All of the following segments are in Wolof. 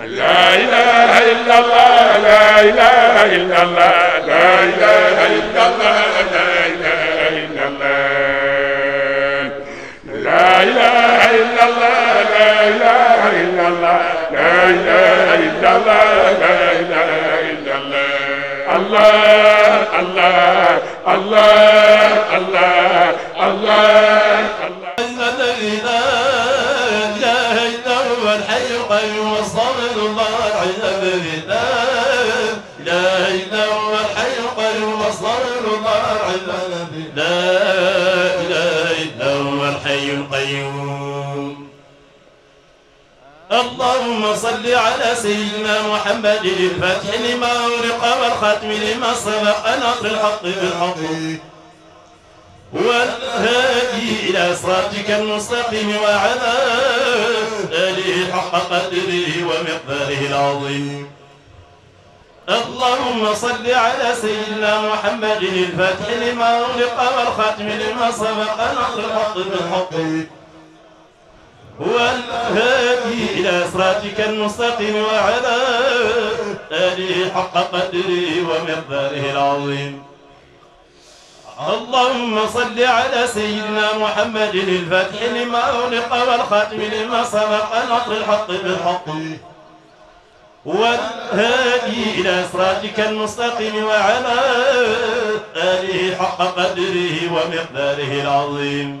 لا إله إلا الله لا إله إلا الله لا إله إلا الله لا إله إلا الله لا إله إلا الله لا إله إلا الله لا إله إلا الله لا إله إلا الله الله الله الله الله الله سيدنا محمد للفتح لما أغلق والختم لما سبق نصر الحق بالحق والهادي إلى صراطك المستقيم وعلى آله حق قدره ومقداره العظيم اللهم صل على سيدنا محمد للفتح لما أغلق والختم لما سبق نصر الحق بالحق والهادي إلى صراطك المستقيم وعلى آله حق قدره ومقداره العظيم اللهم صل على سيدنا محمد الفاتح لما أغلق والخاتم لما سبق نطر الحق بالحق والهادي إلى صراطك المستقيم وعلى آله حق قدره ومقداره العظيم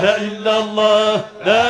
إله إلا الله لا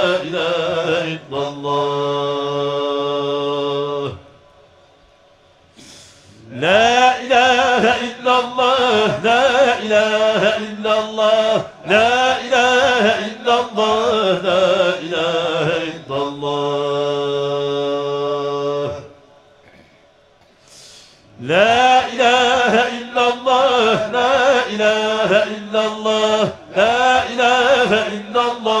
ilahe illallah La ilahe illallah La ilahe illallah La ilahe illallah La ilahe illallah La ilahe illallah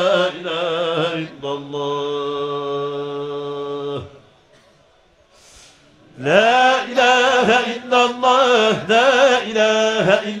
uh, illa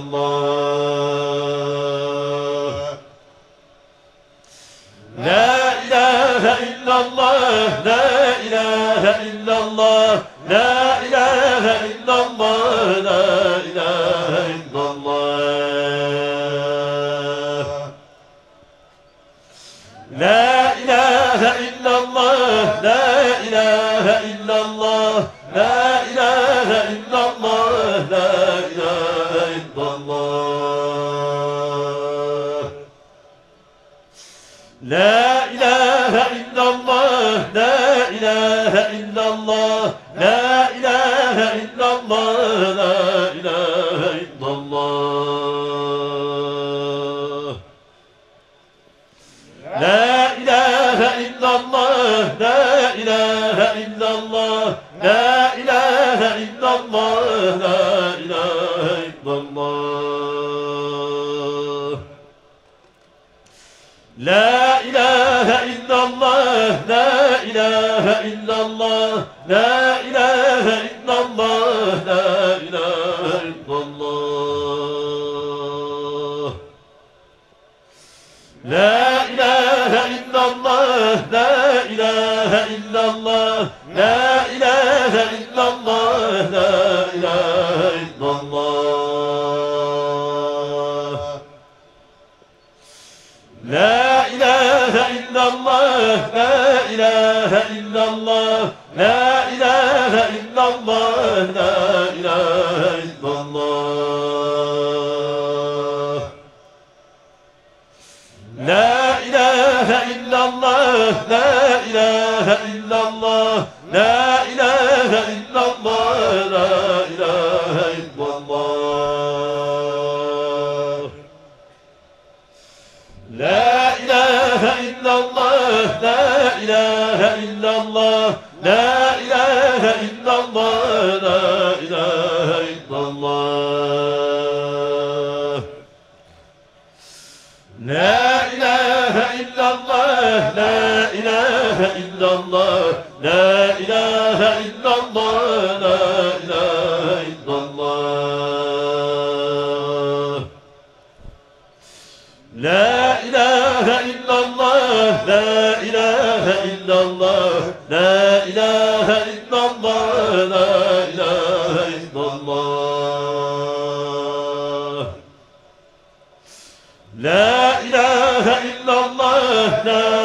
الله لا اله الا الله لا illallah La ilahe illallah La ilahe illallah La ilahe illallah La ilahe illallah La ilahe illallah Ratna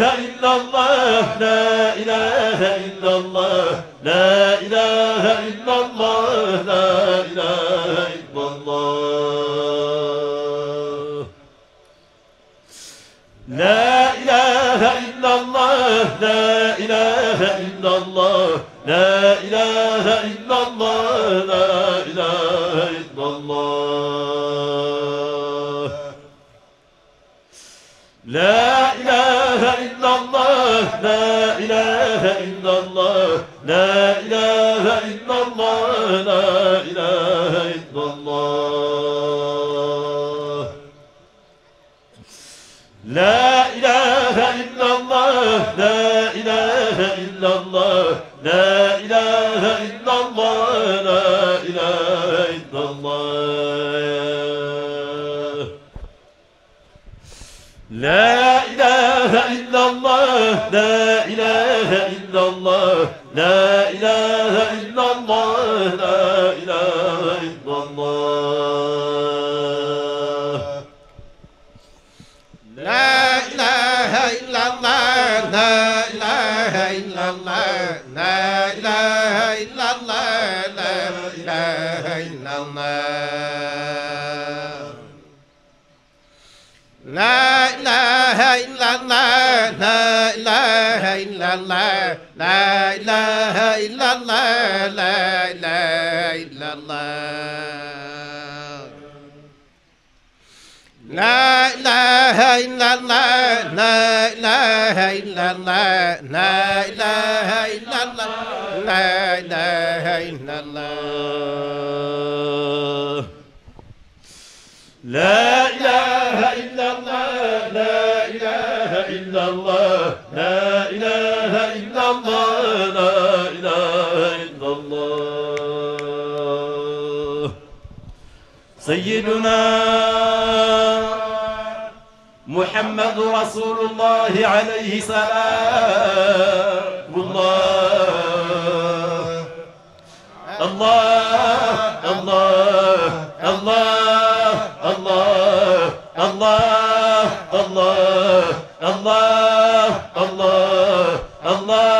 إله إلا الله لا إله الله لا إله إلا الله سيدنا محمد رسول الله عليه سلام الله الله الله الله الله الله الله الله الله الله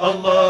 Allah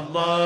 Love.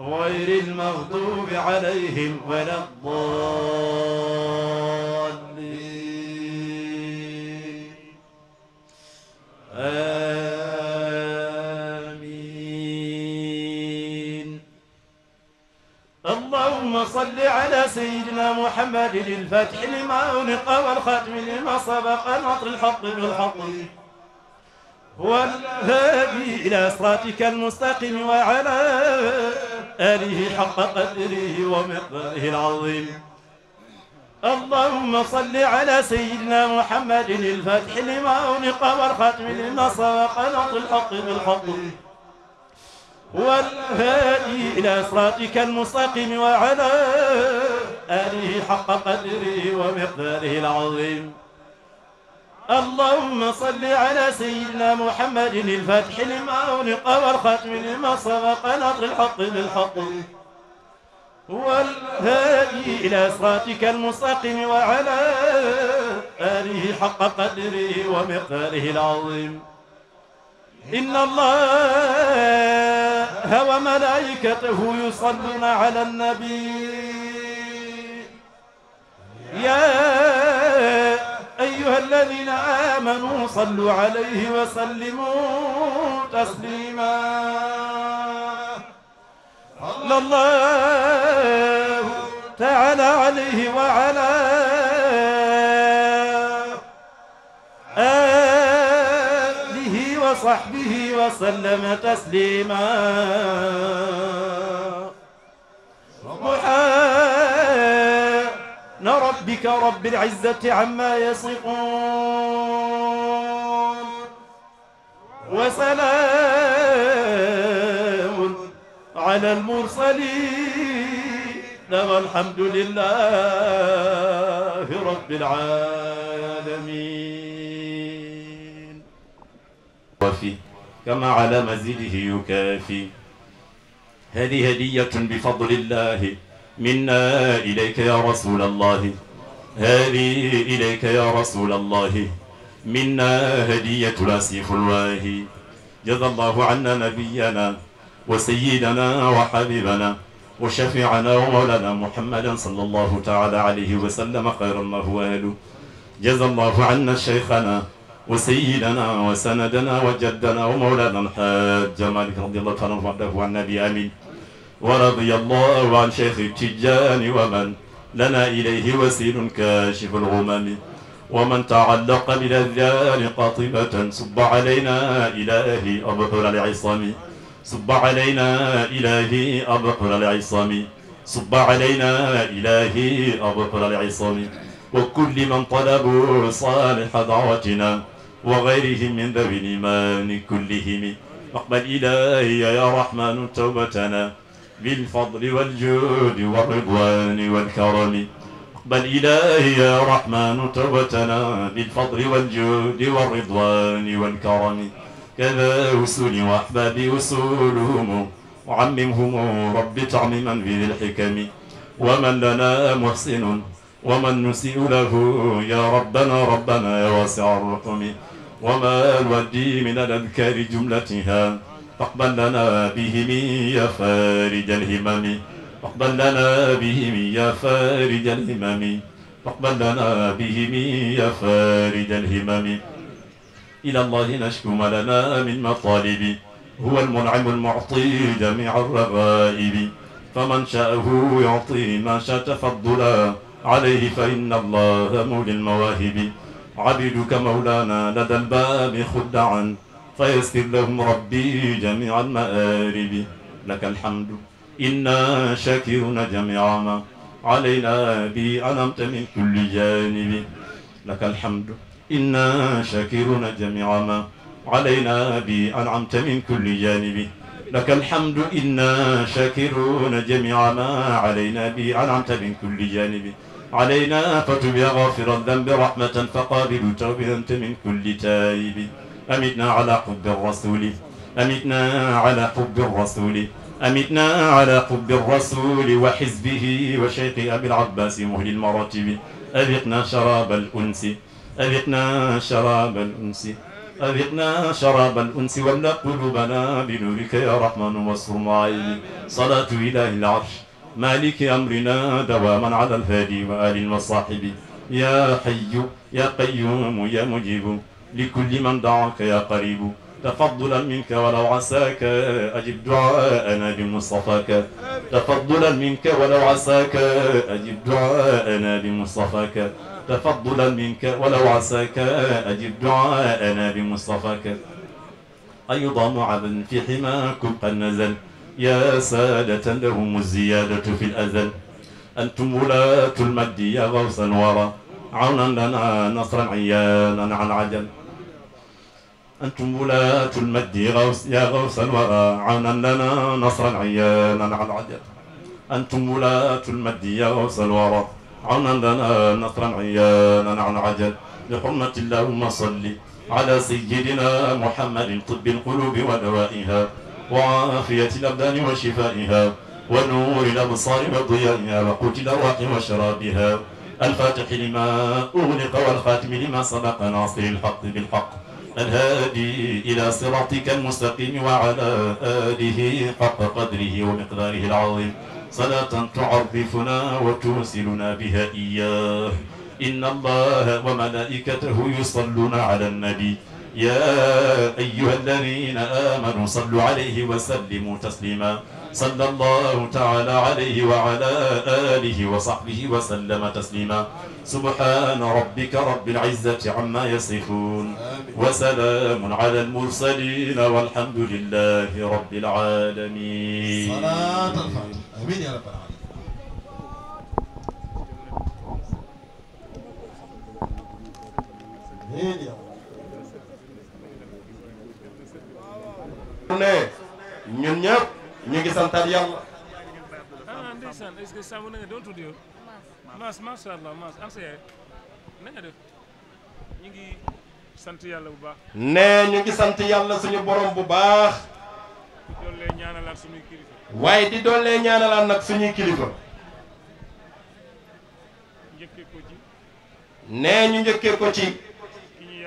غير المغضوب عليهم ولا الضالين آمين اللهم صل على سيدنا محمد الفتح لما أغلق والختم لما سبق نطر الحق بالحق والهادي إلى صراطك المستقيم وعلى آله حق قدره ومقداره العظيم اللهم صل على سيدنا محمد الفاتح لما أغلق والختم لما سبق الحق بالحق والهادي إلى صراطك المستقيم وعلى آله حق قدره ومقداره العظيم اللهم صل على سيدنا محمد الفتح لما أغلق والختم لما سبق نطر الحق بالحق والهادي إلى صراطك المستقيم وعلى آله حق قدره ومقداره العظيم إن الله وملائكته يصلون على النبي يا أيها الذين آمنوا صلوا عليه وسلموا تسليما صلى الله تعالى عليه وعلى آله وصحبه وسلم تسليما محمد سبحان ربك رب العزة عما يصفون وسلام على المرسلين والحمد لله رب العالمين وفي كما على مزيده يكافي هذه هدية بفضل الله منا إليك يا رسول الله هذه إليك يا رسول الله منا هدية لاسيف الواهي جزى الله عنا نبينا وسيدنا وحبيبنا وشفيعنا ومولانا محمدا صلى الله تعالى عليه وسلم خير ما هو أهله جزى الله عنا شيخنا وسيدنا وسندنا وجدنا ومولانا الحاج مالك رضي الله تعالى عنه وعن النبي آمين ورضي الله عن شيخ التجان ومن لنا إليه وسيل كاشف الغمم ومن تعلق بالأذيان قاطبة صب علينا إلهي أبحر العصام صب علينا إلهي أبحر العصام صب علينا إلهي أبحر العصام وكل من طلبوا صالح دعوتنا وغيرهم من ذوي الإيمان كلهم اقبل إلهي يا رحمن توبتنا بالفضل والجود والرضوان والكرم بل إلهي يا رحمن توبتنا بالفضل والجود والرضوان والكرم كذا وسولي وأحبابي أسولهم وعممهم رب تعميما بذي الحكم ومن لنا محسن ومن نسيء له يا ربنا ربنا يا واسع الرحم وما الودي من الأذكار جملتها فاقبل لنا بهم يا فارج الهمم فاقبل لنا بهم يا فارج الهمم فاقبل لنا بهم يا فارج الهمم إلى الله نشكو ما لنا من مطالب هو المنعم المعطي جميع الرغائب فمن شاءه يعطي ما شاء تفضلا عليه فإن الله مولي المواهب عبدك مولانا لدى الباب خدعا فيسر لهم ربي جميع المآرب لك الحمد إنا شاكرون جميع ما علينا بي أنمت من كل جانب لك الحمد إنا شاكرون جميع ما علينا بي أنعمت من كل جانب لك الحمد إنا شاكرون جميع ما علينا بي أنعمت من كل جانب علينا فتب يا غافر الذنب رحمة فقابل توبة أنت من كل تائب أمتنا على حب الرسول أمتنا على حب الرسول أمتنا على حب الرسول وحزبه وشيخ أبي العباس مهل المراتب أذقنا شراب الأنس أذقنا شراب الأنس أذقنا شراب الأنس واملأ قلوبنا بنورك يا رحمن واستر معين صلاة إله العرش مالك أمرنا دواما على الهادي وآل المصاحب يا حي يا قيوم يا مجيب لكل من دعاك يا قريب تفضلا منك ولو عساك أجب دعاءنا بمصطفاك تفضلا منك ولو عساك أجب دعاءنا بمصطفاك تفضلا منك ولو عساك أجب دعاءنا بمصطفاك أيضا معبا في حماكم قد نزل يا سادة لهم الزيادة في الأزل أنتم ولاة المد يا غوث ورا عونا لنا نصرا عيانا عن عجل أنتم ولاة المد غوث يا غوث الورى عونا لنا نصرا عيانا عن عجل أنتم ولاة المد يا غوث الورى عونا لنا نصرا عيانا عن عجل بحرمة اللهم صل على سيدنا محمد طب القلوب ودوائها وعافية الأبدان وشفائها ونور الأبصار وضيائها وقوت الأرواح وشرابها الفاتح لما أغلق والخاتم لما سبق ناصر الحق بالحق الهادي إلى صراطك المستقيم وعلى آله حق قدره ومقداره العظيم صلاة تعرفنا وتوصلنا بها إياه إن الله وملائكته يصلون على النبي يا أيها الذين آمنوا صلوا عليه وسلموا تسليما صلى الله تعالى عليه وعلى آله وصحبه وسلم تسليما سبحان ربك رب العزة عما يصفون وسلام على المرسلين والحمد لله رب العالمين صلاة الفجر أمين يا رب العالمين ñun ñu ngi santaat yàlla. ah ndeysaan est na nga doon tudd yow. Mass macha allah Mass am sa ñu ngi sant yàlla bu baax. nee ñu ngi sant yàlla suñu borom bu baax. di dollee ñaanalaat suñuy kilifa. waaye di dollee ñaanalaat nag suñuy kilifa. njëkkee ko nee ñu njëkkee ko ci. ki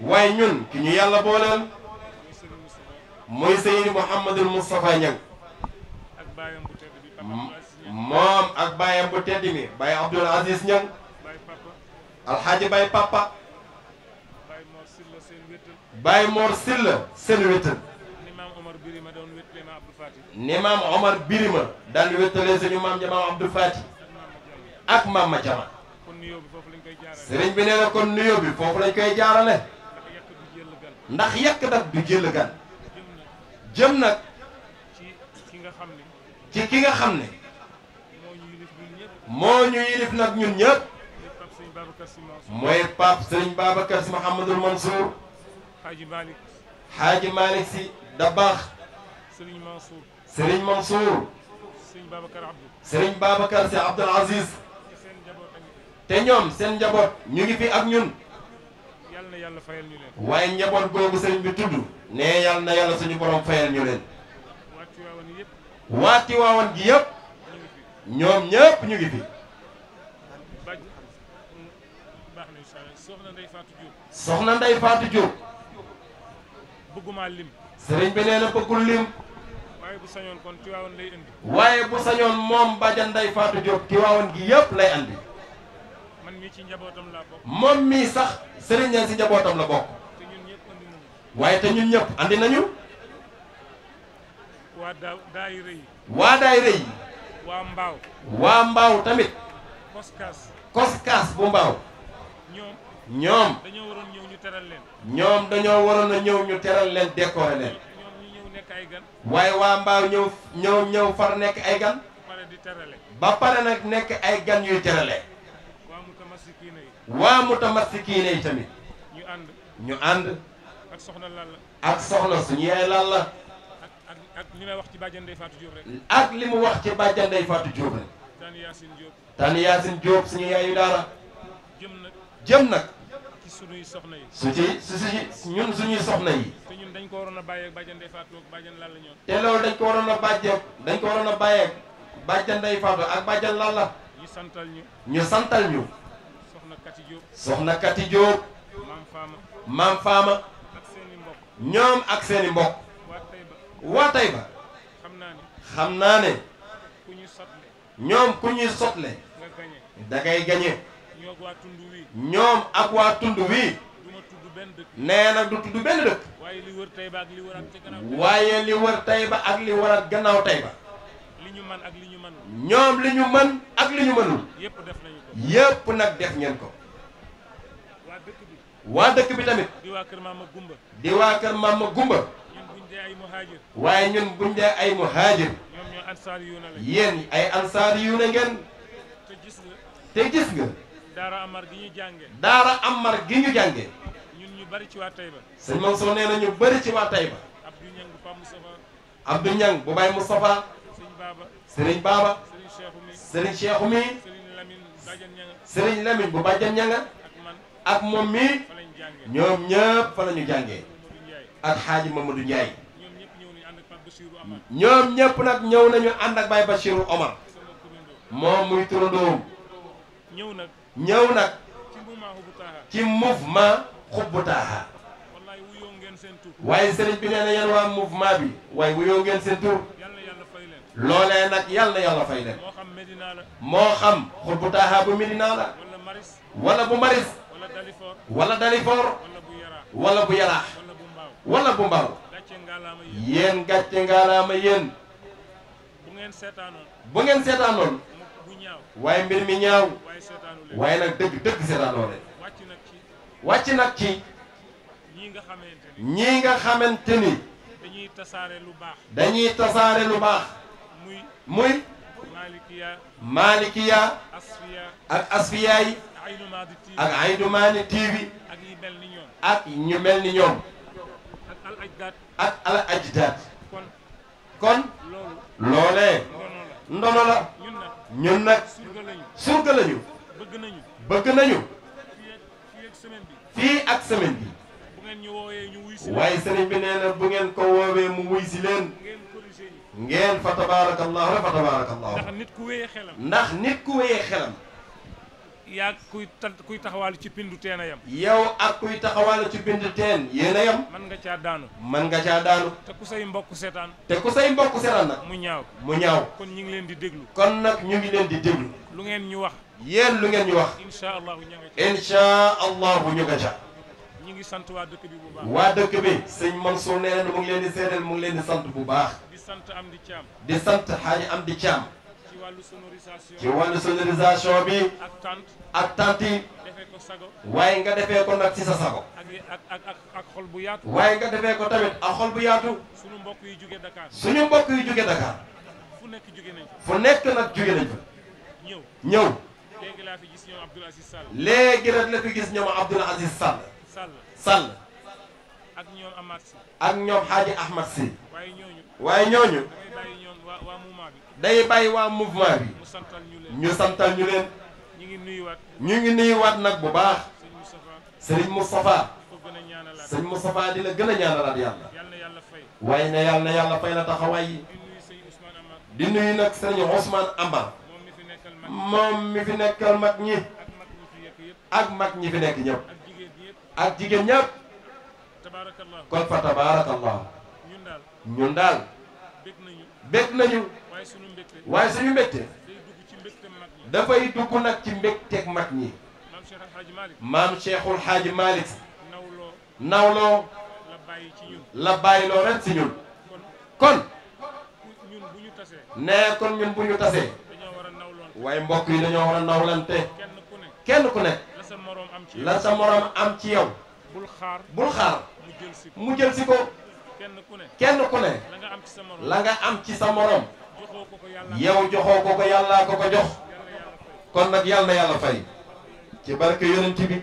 waaye ñun ki ñu yàlla booleel. muy Seyid Mouhamadul Moustapha Niang moom ak baayam bu tedd mi Baye Abdoul Aziz Niang alxaaji Baye Papa Baye Mor Silla seen wéttal ni maam Omar Birima daan wéttalee suñu maam jamaam Abdou Fati ak maam ma jama sëriñ bi nee na kon nuyoo bi foofu lañ koy jaarale ndax yàq daf du jël gan jëm nag ci ki nga xam ne ci ki nga xam ne moo ñu yilif nag ñun ñëpp mooy Pape Serigne Babacar Sy Mouhamadul Mansour Xaaji Malick Xaaji Malick Sy Dabaax Serigne Mansour Serigne Mansour Serigne Babacar Abdou Serigne Babacar Sy Abdoul Aziz te ñoom seen njaboot ñu ngi fi ak ñun yàlla na yàlla fayal ñu leen waaye njaboot googu Serigne bi tudd nee yàlla na yàlla suñu borom fayal ñu leen waati waawan gi yëpp ñoom ñëpp ñu ngi fi soxna Ndey Faatu Diop bëgguma lim sëriñ bi nee na bëggul lim waaye bu sañoon kon Tiwaawan lay indi waaye bu sañoon moom Badiane Ndey Faatu Diop Tiwaawan gi yëpp lay andi man ci njabootam laa bokk moom mii sax sëriñ ñaan si njabootam la bokk waaye te ñun ñëpp andi nañu. waa da daayira yi. waa daayira mbaaw. waa mbaaw tamit. koskaas. koskaas bu mbaaw. ñoom. ñoom. dañoo waroon ñëw ñu teral leen. ñoom dañoo waroon a ñëw ñu teral leen décorer leen. ñoom ñu ñëw waaye waa mbaaw ñëw ñëw ñëw far nekk ay gan. ba pare di terale. ba pare nag nekk ay gan yuy terale. waa mutamassikiina yi. waa mutamassikiina yi tamit. ñu ànd. ñu ànd. ak soxna Lalla. ak soxna suñu yaay Lalla. ak li mu wax ci bàjjan Ndeye Fatou Diop rek. ak li mu wax ci bàjjan Ndeye Fatou Diop rek. Tani Yacine Diop. Tani Yacine Diop suñu yaayu daara. jëm nag jëm nag. ci suñuy soxna yi. su ci su ci ñun suñuy soxna yi. te ñun dañ ko waroon a bàyyeeg bàjjan Ndeye Fatou ak bàjjan Lalla ñoom. te ko waroon a bàjjeeg dañ ko waroon a bàyyeeg bàjjan Ndeye Fatou ak bàjjan Lalla. ñu santal ñu. ñu santal ñu. soxna Kati Diop. soxna maam Fama. ñoom ak seeni mbokk waa Tayba xam naa ne ñoom ku ñuy sotle dangay gañe ñoom ak waa tund wii nee nag du tudd benn dëkk waaye li wër ba ak li waraat gannaaw Tayba ñoom li ñu mën ak li ñu mënul yépp nag def ngeen ko waa dëkk bi tamit di waa kër maama ma di waa kër gumba ñun buñ dee waaye ñun buñ dee ay muhaajir ñoom ñoo ansaar yu na la yéen ay ansaar yu na ngeen te gis nga te gis nga daara amar gi ñu jànge daara amar gi ñu jànge ñun ñu bëri ci waa Tayba sëñ Mansour nee na ñu bëri ci waa Tayba ba Ñang bu Pape Moustapha Abdou Ñang bu Baye Moustapha sëriñ Baaba sëriñ Baaba sëriñ Cheikh mi sëriñ Cheikh mi sëriñ Lamine Badiane bu Badiane Ñanga ak moom mi ñoom ñëpp fa la ñu jàngee ak xaaji Mamadou Ndiaye ñoom ñëpp nag ñëw nañu ànd ak Baye Bachirou Omar moom muy turandoom ñëw nag ci mouvement xubbu taaha waaye sëriñ bi nee na yéen waa mouvement bi waaye wuyoo ngeen seen tur loolee nag yàlla yàlla fay leen moo xam xubbu taaha bu Medina la wala bu Maris wala Dalifort wala bu yaraax wala bu mbaaw yéen gàcce ngaalaama yéen bu ngeen seetaanoon waaye mbir mi ñaaw waaye nag dëgg dëgg seetaanoo leen wàcc nag ci ñii nga xamante ni dañuy tasaare lu baax dañuy tasaare lu baax muy maalikiya maalikiya ak asfiya ak Aïnou Mane TV ak ñu mel ni ñoom ak al ajdaat kon loolee ndono la ñun nag surga lañu bëgg nañu fii ak semaine bi waaye sëriñ bi nee na bu ngeen ko woowee mu wuy si leen ngeen fa tabaarakallahu fa tabaarakallahu ndax nit ku wéyee xelam yaa kuy kuy taxawaalu ci pindu teen yam yem yow ak kuy taxawaalu ci pindu teen yéen man nga caa daanu man nga caa daanu te ku say mbokk seetaan te ku say mbokk seetaan na mu ñaaw mu ñaaw kon ñu ngi leen di déglu kon nag ñu ngi leen di déglu lu ngeen ñu wax yéen lu ngeen ñu wax insha allahu ñu nga ca insha allahu ñu nga ñu ngi sant waa dëkk bi bu baax waa dëkk bi sëñ Mansour nee na mu ngi leen di seedeel mu ngi leen di sant bu baax di sant am di caam di sant xaaji am di caam ci wàllu sonorisation bi ak tant yi waaye nga defee ko nag ci sa sago waaye nga defee ko tamit ak xol bu yaatu suñu mbokk yu jóge Dakar suñu mbokk yu jóge Dakar fu nekk jóge nañ nekk nag jóge nañ fa ñëw léegi fi gis ñoom Abdoul Aziz Sall léegi nag la fi gis ñoom Abdoul Aziz Sall Sall ak ñoom Amath Si ak ñoom Hadji Ahmad Si waaye ñooñu day bàyyi waa mouvement bi ñu santal ñu leen ñu ngi nuyuwaat nag bu baax sëriñ Moustapha sëriñ Moustapha di la gën a ñaanalaat yàlla waaye ne yàlla na yàlla fay la taxawaay yi di nuyu nag sëriñ Ousmane Amar moom mi fi nekkal mag ñi ak mag ñi fi nekk ñëpp ak jigéen ñëpp kon fa tabaarakallah ñun daal bég nañu. waaye suñu mbégte dafay dugg nag ci mbégteeg mag ñi maam Cheikhul Xaaji Malick nawloo la bàyyiloo ren si ñun kon nee kon ñun bu ñu tasee waaye mbokk yi dañoo war a nawlante kenn ku ne la sa moroom am ci yow bul xaar mu jël si ko kenn ku ne la nga am ci sa moroom yow joxoo ko ko yàllaa ko ko jox kon nag yàlla yàlla fay ci barke yonent bi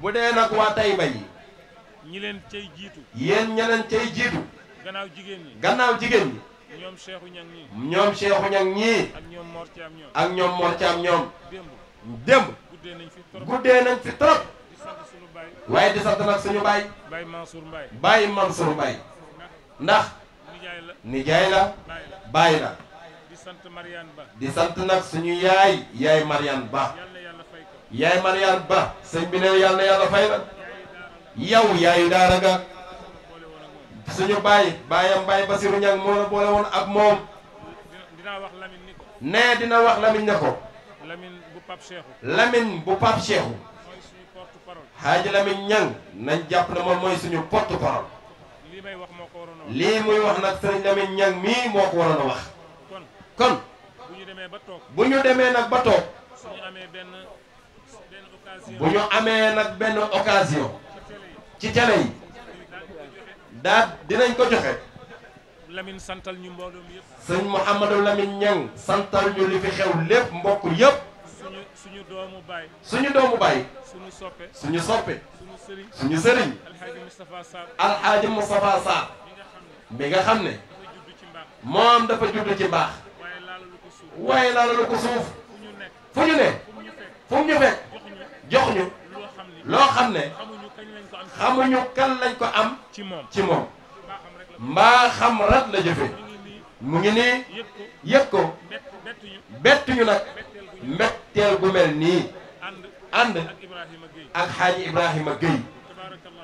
bu dee nag waa Tayba yi ñi leen cay jiitu yéen ña leen cay jiitu gannaaw jigéen ñi gannaaw jigéen ñi ñoom Seexu Ñaŋ ñii ñoom Seexu Ñaŋ ñii ak ñoom Mor Caam ñoom ak ñoom Mor Caam ñoom démb guddee nañ fi trop waaye di sant nag suñu baay Baay Mansour Mbaye Baay Mansour Mbaye ndax nijaay la baay la di sant Mariane Ba di sant nag suñu yaay yaay Mariane Ba yaay Mariane Ba sëñ bi ne yàlla na yàlla fay la yow yaayu daara nga suñu baay baayam baay Basiru Ñang moo la boole woon ak moom nee dina wax Lamine ne ko Lamine bu Pape Cheikhou Hadji Lamine Ñang nañ jàpp ne moom mooy suñu porte-parole lii muy wax nag sëriñ Lamine Niang mii moo ko waroon a wax kon bu ñu demee nag ba toog bu ñu amee nag benn occasion ci télé yi daal dinañ ko joxe Lamine santal ñu mbooloo mi yëpp sëñ Mouhamadou Lamine Niang santal ñu li fi xew lépp mbokkul yëpp suñu doomu baay suñu doomu baay suñu soppe suñu soppe suñu sëriñ alxaaji Moustapha Sarr bi nga xam ne moom dafa judd ci mbaax waaye laalalu ko suuf fu ñu ne fu ñu fekk jox ñu loo xam ne xamuñu kan lañ ko am ci moom mbaa xam rat la jëfe mu ngi nii yëg ko bettuñu nag mbetteel bu mel nii ànd ak xaaji Ibrahima Guèye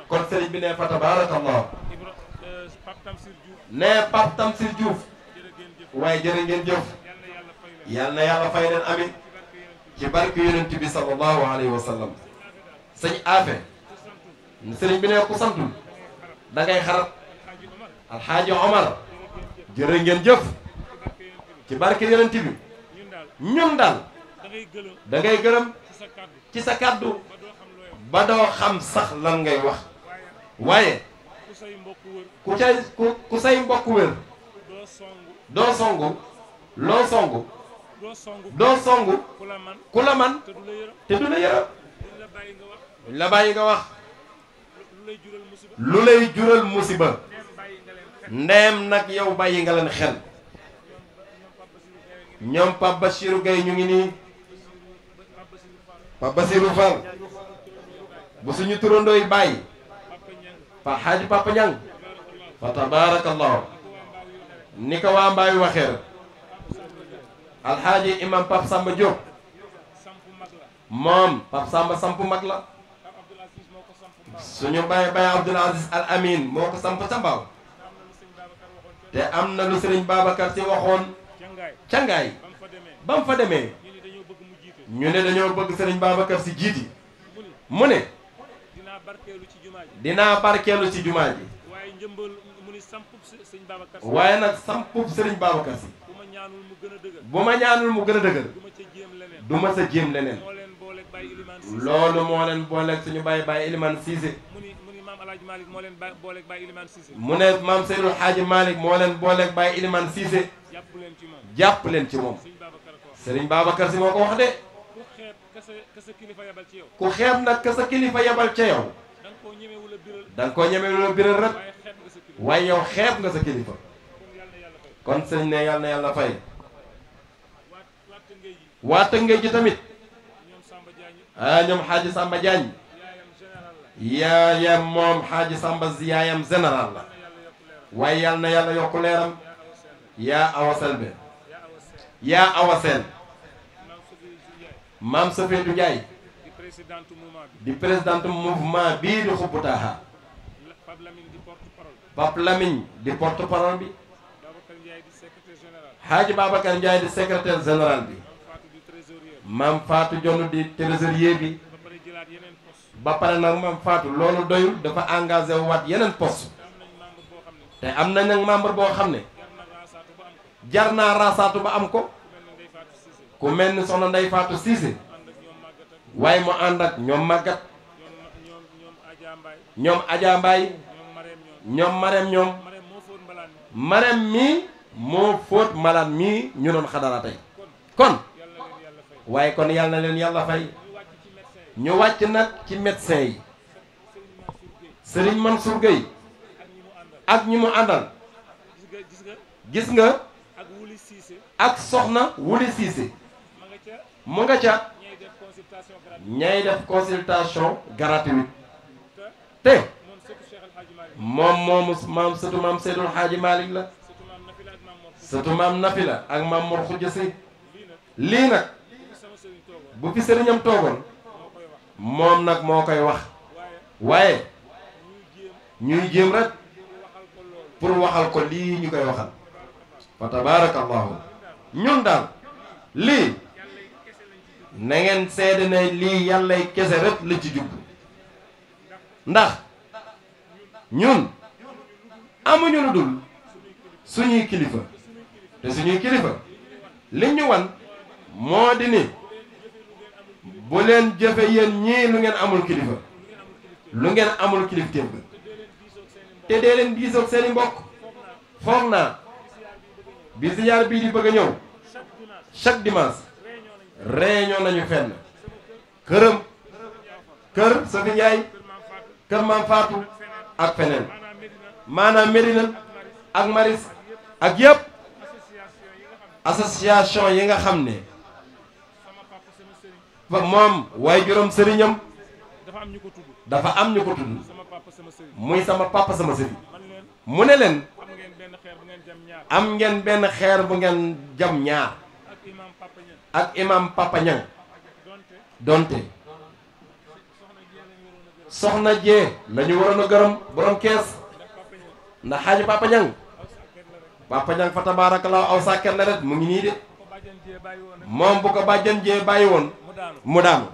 kon sëriñ bi ne fa tabaarakallah ne Pape Tamsir Diouf waaye jërë ngeen jëf yal na yàlla fay leen amit ci barke yonent bi sallallahu alayhi wa sallam bi ne ku santul da ngay xarat alxaaji Omar jërë ngeen jëf ci barke yonent bi ñun daal da ngay ci sa kàddu ba doo xam sax lan ngay wax waaye ku cay ku say mbokk wér doo songu loo songu doo songu ku la man te du la yërëm duñ la bàyyi nga wax lu lay jural musiba ndeem nag yow bàyyi nga leen xel ñoom Pape Bachirou ñu ngi nii Pape Bachirou bu suñu turandooy bàyyi pa xaaji papa ñang fa tabarakallahu ni ko waa mbaayu waxee rek alxaaji imam pap samba diop moom pap samba samp mag la suñu bàyyi bàyyi abdul aziz al amin moo ko samp ca mbaaw te am na lu sëriñ babacar si waxoon cangaay ba mu fa demee ñu ne dañoo bëgg sëriñ babacar si jiiti mu ne dinaa barkeelu ci jumaa ji waaye njëmbal mu ni sampub sëriñ nag sampub sëriñ Babacar si bu ma ñaanul mu gën a dëgër bu ma ñaanul mu gën a dëgër du ma sa jéem leneen du ma sa jéem leneen loolu moo leen booleeg suñu bàyyi bàyyi Iliman Cissé mu moo leen booleeg bàyyi Iliman Cissé mu ne maam Seydou Hadji Malick moo leen booleeg bàyyi Iliman Cissé jàpp leen ci moom sëriñ Babacar si moo ko wax de ku xeeb nag ka sa kilifa yebal ca yow da koo ñemewul a biral rek waaye yow xeeb nga sa kilifa kon sëñ ne yàlla na yàlla fay waa Tëngéej ji tamit ah ñoom xaaji Samba Diagne yaayam moom xaaji Samba yaayam général la waaye yàlla yàlla yokku leeram yaa awa Selbe yaa awa maam Safeetu Njaay di présidente mouvement bii di xubbu taaxa Pape Lamine di porte parole bi Hadji Babacar Ndiaye di secrétaire général bi maam Fatou Dione di trésorier bi ba pare nag maam faatu loolu doyul dafa engagé waat yeneen poste te am na nag membre boo xam ne jar naa raasaatu ba am ko ku mel ni soxna Ndeye Fatou Cissé waaye mu ànd ak ñoom màggat ñoom Adja Mbaye ñoom Marème ñoom Marème mii moo fóot malaan mii ñu doon xadara tey kon waaye kon yàlla leen yàlla fay ñu wàcc nag ci médecin yi Serigne Mansour Gueye ak ñi mu àndal gis nga ak soxna Wuli Cissé mu nga ca ñay def consultation gratuite te moom moomu maam sëtu maam Seydul Xaaji Malick la sëtu maam Nafila ak maam Mor Xuja Si lii nag bu fi sëriñam toogoon moom nag moo koy wax waaye ñuy jéem rek pour waxal ko lii ñu koy waxal fa tabaarakallahu ñun daal lii na ngeen seede na lii yàllay kese rek la ci jub ndax ñun amuñu lu dul suñuy kilifa te suñuy kilifa li ñu wan moo di ni bu leen jëfe yéen ñii lu ngeen amul kilifa lu ngeen amul kilif téef ga te dee leen diisoog seeni mbokk foog naa bi ziyaar bii di bëgg a ñëw chaque dimanche réunion nañu fenn këram kër Safi Ndiaye kër Maam Fatou ak feneen maanaam Médina ak Maris ak yëpp association yi nga xam ne moom waaye juróom sëriñam dafa am ñu ko tudd muy sama papa sama sëriñ mu ne leen am ngeen benn xeer bu ngeen jam ñaar ak imam Papa Niang donte soxna jee la ñu waroon a gërëm borom kees ndax xaaji Papa Niang Papa Niang fa tabaarakallaa aw sàkket la rek mu ngi nii de moom bu ko bàjjan jee bàyyi woon mu daanu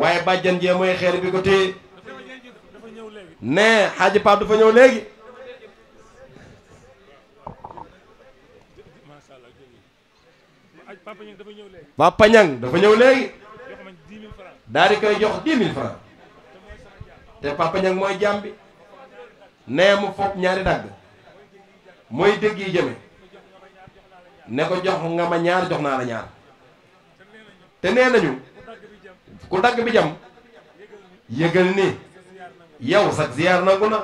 waaye bàjjan jee mooy xeer bi ko téye ne xaaji Pap dafa ñëw léegi waa Pagnang dafa ñëw léegi daal di koy jox dix mille francs te Papa Ñang mooy jaam bi nee mu foog ñaari dagg mooy dégg yi jëme ne ko jox nga ma ñaar jox naa la ñaar te nee nañu ku dagg bi jam yëgal ni yow sax ziyaar nangu na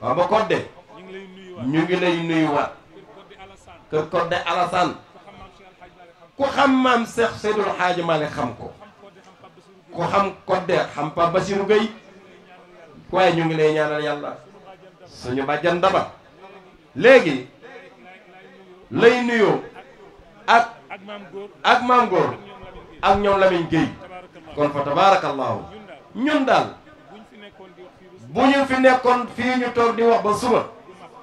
waaw ba kodde ñu ngi lay nuyuwaat kër kodde Alassane ku xam maam Seex Seydul Xaaji xam ko ku xam Koddeer xam Pape Bassirou Gueye waaye ñu ngi lay ñaanal yàlla suñu bàjjan daba léegi lay nuyoo ak ak maam góor ak ñoom Lamine Gueye kon fa tabaarakallaahu ñun daal bu ñu fi nekkoon fii ñu toog di wax ba suba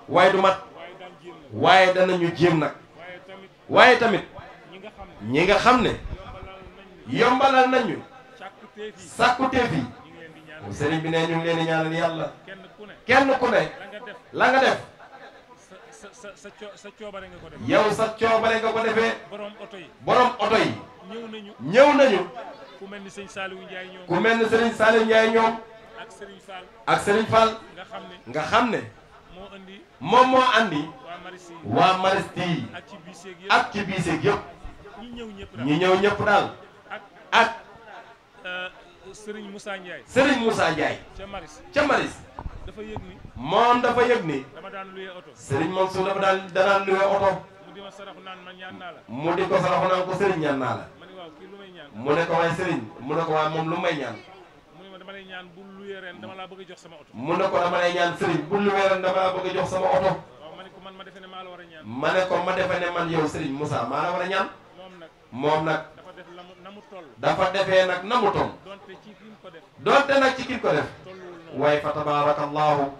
waaye du mat waaye danañu jéem nag waaye tamit ñi nga xam ne yombalal nañu sàkkuteef yi sëriñ bi ne ñu ngi leen di ñaanal yàlla kenn ku ne la nga def yow sa coobare nga ko defee borom oto yi borom oto yi ñëw nañu ku mel ni sëriñ Saliou Ndiaye ñoom ku mel ni sëriñ Saliou Ndiaye ñoom ak sëriñ Fall ak sëriñ Fall nga xam ne nga xam ne moom moo andi waa Maristes yi ak ci biiseeg yëpp. ñi ñew ñëpp dal ak euh, Serigne Moussa ndjay Serigne Moussa ndjay ci Maris ci Maris dafa yegni mom dafa yegni dama daan luye auto Serigne Mansour dafa daan danaan luye oto mu di ma saraxu naan ñaan naa la mu di mu ne ko dama lay ñaan bu ren dama bëgg jox sama oto mu ko dama lay ñaan Serigne bu luwee ren dama la bëgg jox sama auto mané ko man ma défé né ma la wara ñaan mané ko ma défé né man yow Serigne Moussa ma la wara ñaan moom nag dafa defee nag na mu toll donte nag ci kim ko def waaye fa tabaaraka allahu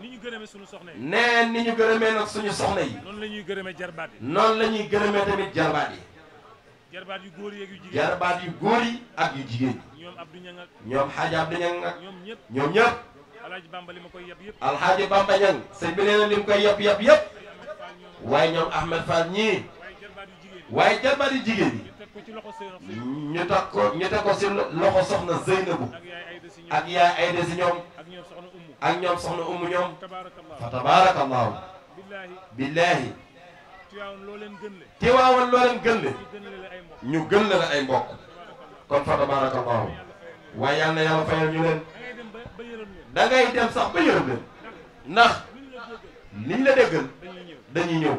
ni ñu gërëmee suñu soxna yi nee ni ñu gërëmee nag suñu soxna yi noonu la ñuy gërëmee jarbaat yi noonu la ñuy gërëmee tamit jarbaat yi jarbaat yu góor yi ak yu jigéen jarbaat yu góor yi ak yu jigéen ñoom Abdou Niang ak ak ñoom ñëpp ñoom ñëpp Alxaaji Bamba li ma koy yëpp yëpp Alxaaji Bamba Niang sëñ koy yëpp yëpp yëpp waaye ñoom Ahmed Fall ñii waaye jàmbaari jigéen yi ñu teg ko ñu teg ko si loxo soxna Zeynabu ak yaay Ayda si ñoom ak ñoom soxna Umu ñoom fa tabaarakallaahu billaahi Tiwaawan loo leen gën le ñu gën la ay mbokk kon fa tabaarakallaahu waaye yal na yàlla fayal ñu leen da ngay dem sax ba yërëm leen ndax liñ la déggal dañuy ñëw.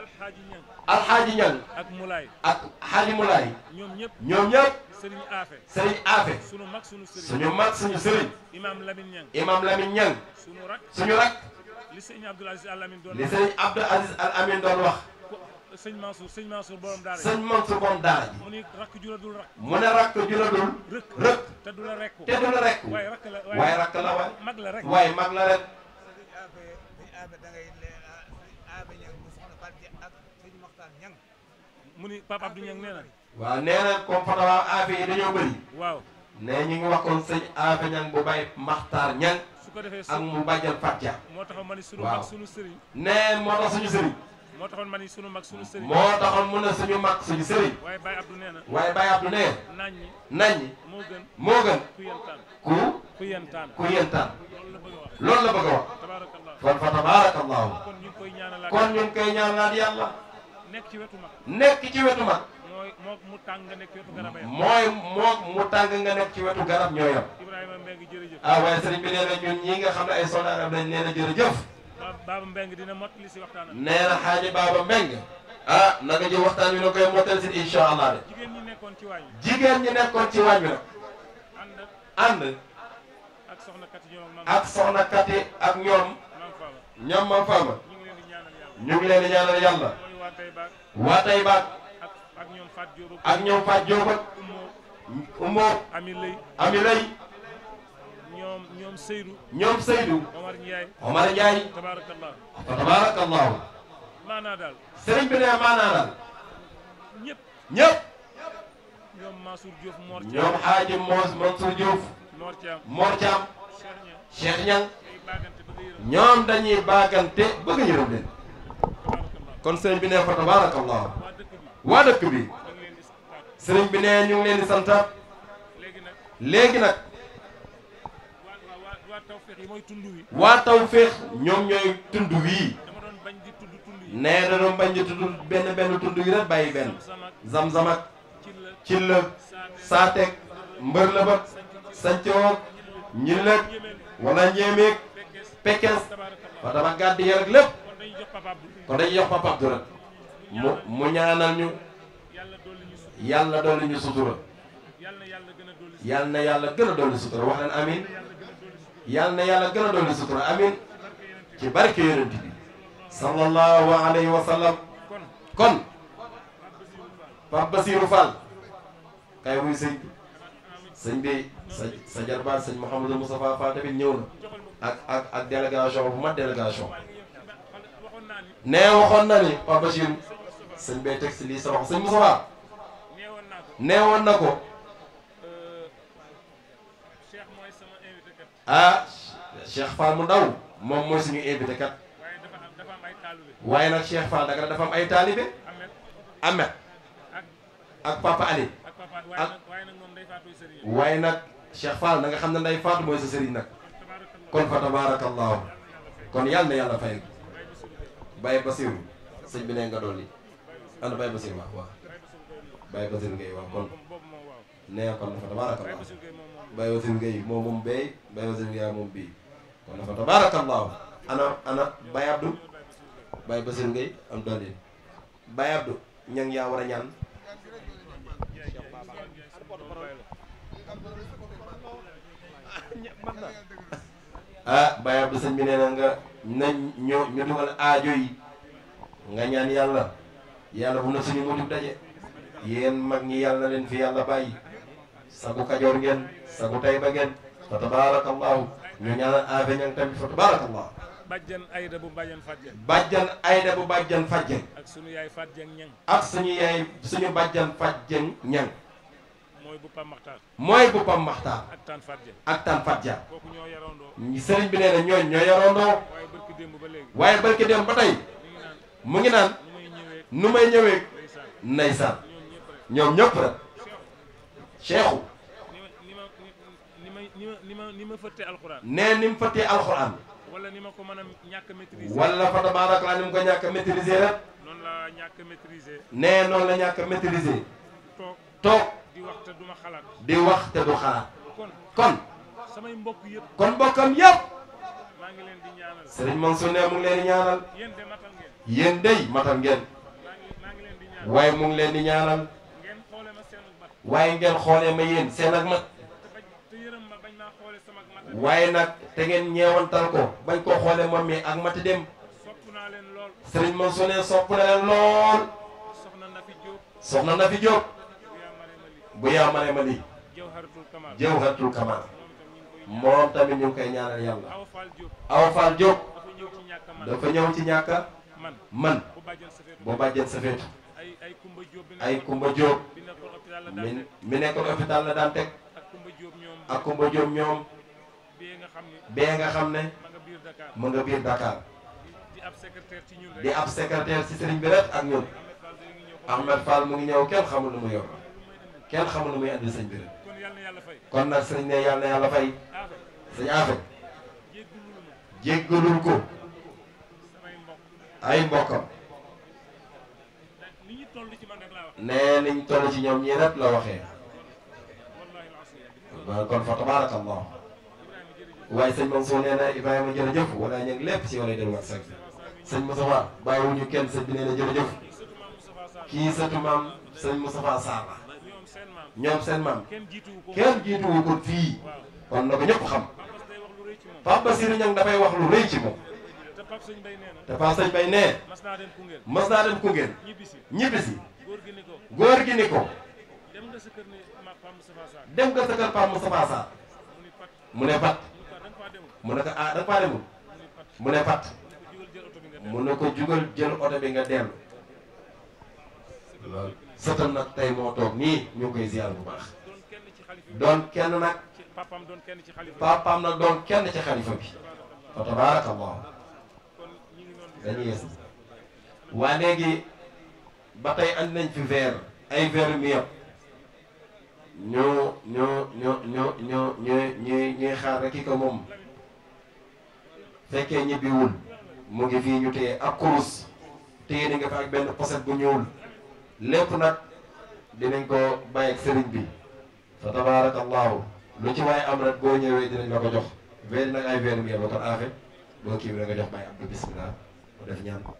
alxaaji ñang alxaaji ñang ak mulaay ak xaaji mulaay ñoom ñëpp ñoom ñëpp sëriñ aafe sëriñ aafe suñu mag suñu sëriñ suñu mag suñu sëriñ imaam lamin ñang imaam lamin ñang suñu rak suñu rak li sëriñ abdul aziz al amin doon li sëriñ abdul aziz al amin doon wax sëñ Mansour sëñ Mansour borom daara sëñ Mansour borom daara ji mu ne rakk juradul rakk mu ne rakk juradul rëkk rëkk te du la rekku te du la rekku waaye rakk la waaye rakk la waaye mag la rek waaye mag la rek sëriñ aafe da ngay mu ni Pape Abdou Niang nee na. waaw nee na comme Fatou waaw affaire yi dañoo bëri. waaw ne ñu ngi waxoon sëñ Afe Niang bu bay Maxtaar Niang. su ko defee ak mu bàjjal Fatia. moo taxoon ma ni sunu mag sunu sëriñ. nee moo tax suñu sëriñ. moo taxoon ma ni sunu mag sunu sëriñ. moo taxoon mu suñu mag suñu sëriñ. waaye Baye Abdou nee na. waaye Baye Abdou na. nañ moo gën moo gën. ku yentaan ku. ku yentaan ku yentaan. la bëgg a wax. loolu la bëgg a kon fa tabaarakallahu. kon ñu koy ñaanalaat yàlla. nekk ci wetu mag. nekk ci wetu mag. mooy moog mu tàng nga nekk ci wetu garab mooy ci wetu garab ñoo Ibrahima Mbengue jërëjëf. ah waaye sëriñ bi nee ñun ñii nga xam ne ay soldaaram lañ nee na jërëjëf. Baba Mbengue dina si waxtaanam. nee na xaaji Baba Mbengue. Ah, na koy mottali si incha allah de. ci waañ ñi nekkoon ci waañ ak soxna kat yi ñoom. ak soxna kat yi ak ñoom. ñu ngi leen ñaanal yàlla. waa Taïba ak ñoom ak ñoom Fat Diop ak Ami Lay Ami Lay ñoom ñoom ñoom Seydou Omar Ndiaye Omar maanaa daal sëriñ bi nee maanaa daal ñëpp ñëpp ñoom Mansour Diouf Mor Thiam Mor Thiam Mor Thiam ñoom dañuy baagante bëgg yërëm leen kon sëriñ bi ne fa tabarakallahu waa dëkk bi sëriñ bi ne ñu ngi leen di santaat léegi nag waa tawféex ñoom ñooy tund wii nee da doon bañ di tudd benn benn tund yi rek bàyyi benn zam-zam ak cil la saateeg mbër la bat sancoog ñillëg wala njéemeeg pekes fa dama gàddi yar lépp kon dañuy jox papa Abdou nag mu mu ñaanal ñu yàlla dolli ñu sutura yàlla na yàlla gën a dolli sutura wax leen amin yàlla na yàlla gën a dolli sutura amin ci barke yonent bi sallallahu alayhi wa sallam kon Pape Basirou Fall kay wuy sëñ bi sëñ bi sa sa jarbaat sëñ Mouhamadou Moustapha Fall tamit ñëw na ak ak ak délégation نيوخون ناني بابشير سن بي تيكس لي سا واخ سن مصطفى نيوون ناكو نيوون ناكو شيخ موي سما انفيتا كات اه شيخ فال مو داو موم موي سيغي انفيتا كات واي دا فام دا فام اي طالبي واي نا شيخ فال دا غا دا فام اي طالبي احمد احمد اك بابا علي اك بابا واي نا واي نا موم داي فاتو سيرين واي نا شيخ فال داغا خامن داي فاتو موي سيرين نا كون فتبارك الله كون يالنا يالا فايك Baye Basiru sëñ bi ne nga dolli ana Baye Basiru wax waaw Baye Basiru Gueye wax kon nee kon dafa tabaarakallaahu Baye Basiru Gueye moom moom bay Baye Basiru Gueye moom bii kon dafa tabaarakallaahu ana ana Baye Abdou Baye Basiru Gueye am dolli Baye Abdou ña yaa war a ñaan. ah Baye Abdou sëñ bi nee na nga nañ ñoo ñu dugal aajo yi nga ñaan yàlla yàlla bu na suñu mujj daje yéen mag ñi yàlla leen fi yàlla bàyyi sagu kajoor ngeen sagu tayba ngeen fa tabarakallahu ñu ñaanal aafe ñang tamit fa tabarakallahu bàjjan ayda bu bàjjan fajjan bàjjan ak suñu yaay fajjan suñu yaay suñu bàjjan fajjan ñang moy bu Pam Maxtaar. ak Tan fadja ak serigne bi neena na ñooñ ñoo yoroondoo. waaye barki dem ba tay mu ngi naan nu may ñëwee. ndeysaan ñoom ñëpp rek. cheikhou ni ma fëttee alxuraan. nee ni mu fëttee wala ni ma ko meuna a maîtriser. wala fa tabaaraka laa ni mu ko ñak maîtriser non la ñak maîtriser. né non la ñak a maîtriser. tok di wax te duma du kon kon bokam yeb Sering ngi leen di ñaanal sëriñ Mansour ne mu ngi len di ñaanal yeen de matal ngeen yéen dey matal ngeen mu ngi len di ñaanal waaye ngeen xole ma yeen seen ak mat waaye nak te ngeen ñeewantal ko bañ ko xole moom mi ak mat dem serigne Mansour ne sopp na leen soxna na fi job bu yaa ma ma lii jawharatul kamal moom tamit ñu koy ñaanal yàlla awa faal dafa ci man bu bàjjen safeetu ay kumba Diop mi mi hôpital la daan ak kumba Diop ñoom be nga xam ne nga Dakar di ab secrétaire ci sëriñ bi rek ak ñun Ahmed Fall mu ngi ñew kenn xamul lu mu yor kenn xamul nu muy andi sëñ bi kon nag sëñ ne yàlla yàlla fay sëñ Afe jéggalul ko ay mbokkam nee niñ toll ci ñoom ñii rek la waxee kon fa tabaarakallah waaye sëñ Mansour nee na Ibrahima jërëjëf wala ñu ngi lépp ci wala jërëjëf sax sëñ Moustapha bàyyiwuñu kenn sëñ bi nee na jërëjëf kii maam sëñ Moustapha Sarr ñom seen mam kenn wu ko fi kon na ko ñëpp xam Pape ñang da fay wax lu reey ci moom te Pape Sëñ Bay ne masna naa dem Koungheul ñibisi gor gi ni ko dem nga sa kër Pape Moustapha Sarr mu ne pat mu ko ah danga faa demul mu ne pat mu ne ko jugal jël auto bi nga dellu sëtam nag tey moo toog nii ñu ngi koy ziar bu baax doon kenn nag papaam nag doon kenn ci xalifa bi fa tabaarakallahu dañuy yes waa léegi ba tey andi nañ fi ver ay verre mi yëpp ñu ñu ñu ñu ñu ñu ñuy ñuy xaar rek moom fekkee ñibbiwul mu ngi fi ñu téye ak kurus téye ni nga fa ak benn poset bu ñëwul lépp nag dinañ ko bàyyi ak sëriñ bi fa tabaarakallaahu lu ci waaye am rek boo ñëwee dinañ la ko jox wéen nag ay wéenum yem ba kon aafe boo kii bi la nga jox bàyyi abdu bismillah mu def ñaan ko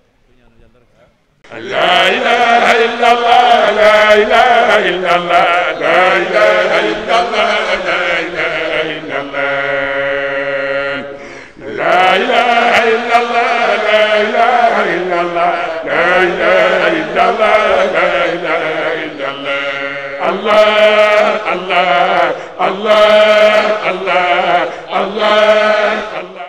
لا إله إلا الله لا إله إلا الله لا إله إلا الله لا إله إلا الله لا إله إلا الله لا إله إلا الله لا إله إلا الله لا إله إلا الله الله الله الله الله الله الله